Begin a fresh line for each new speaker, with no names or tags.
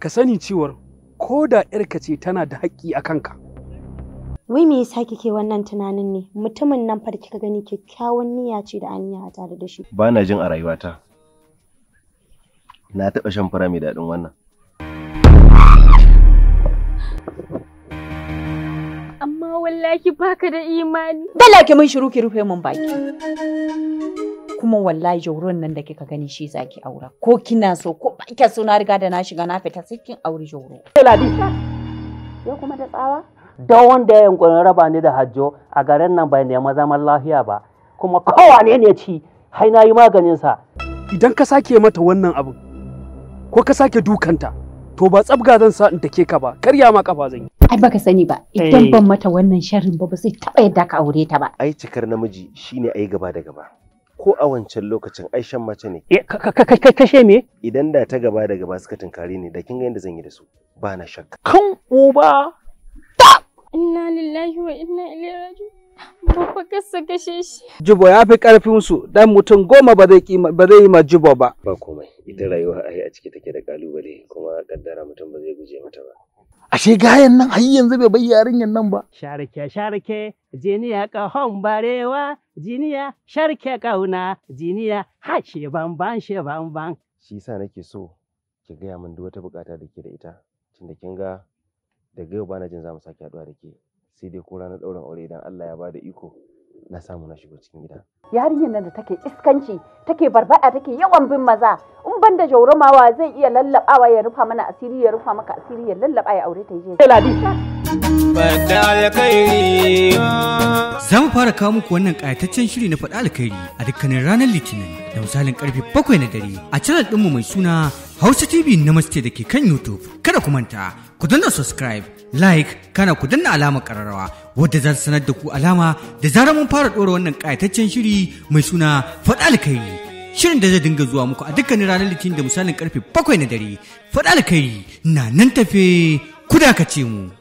ka sani cewar ko da ‘yarka ce tana da haƙƙi a kanka.
Wai me yasa kike wannan tunanin ne? Mutumin nan fa kika gani kyakkyawan niyya ce da aniya a tare da shi.
Ba na jin a rayuwata. Na taɓa shan fara mai daɗin wannan.
Amma wallahi baka da imani. Dala ki mun
shiru ki rufe mun baki. kuma wallahi jauron nan da kika gani shi zaki aura ko kina so ko ba kika so na riga da na shiga na fita sai kin aure jauro ladi ya kuma da tsawa
don wanda ya yankurin raba ni da hajjo a garin nan bai nema zaman lafiya ba kuma kowane ne ci hai na yi maganin sa idan ka sake mata wannan abin ko ka sake dukanta to ba tsabga zan sa in take ka ba karya ma kafa zan
yi ai baka sani ba idan eh. ban mata wannan sharrin ba ba sai taba yadda ka aure ta ba ai cikar namiji shine ai gaba da gaba
ko a wancan lokacin ai mace ne eh, kashe me idan da ta gaba daga gaba suka tunkare ni da kin ga yadda zan yi da su ba na shakka
kan uba ta inna lillahi wa inna ilaihi ba Babba kasa kashe shi.
Jibo ya fi ƙarfin su dan mutum goma ba zai ba zai yi ma jibo ba. Ba komai ita rayuwa ai a ciki take da kalubale kuma kaddara mutum ba zai guje mata ba. ashe gayan nan har yanzu bai bai yarinyan nan ba
sharke sharke jiniya kahon barewa jiniya sharke kauna jiniya ha she banban she banban
shi yasa nake so ki gaya min duk wata bukata da ke da ita tun da kin ga daga yau bana jin za mu sake haduwa da ke sai dai ko ranar ɗaurin aure idan Allah ya bada iko na samu na shigo cikin gida
yarinyar nan da take iskanci take barbada take yawan bin maza ban da jaurumawa zai iya lallabawa ya rufa mana asiri ya rufa maka asiri ya lallaba ya aure ta yi
je za mu fara kawo muku wannan ƙayataccen shiri na faɗa alkhairi a dukkanin ranar litinin da misalin karfe bakwai na dare a canal ɗinmu mai suna hausa tv na namaste da ke kan youtube kada ku manta ku danna subscribe like kana ku danna alamar kararrawa wadda za ta sanar da ku alama da zarar mun fara ɗora wannan kayataccen shiri mai suna faɗa alkhairi Shirin da zai dinga zuwa muku a dukkanin ranar Litinin da misalin karfe bakwai na dare. Faɗa alkhairi na nan tafe kuda ka ce mu.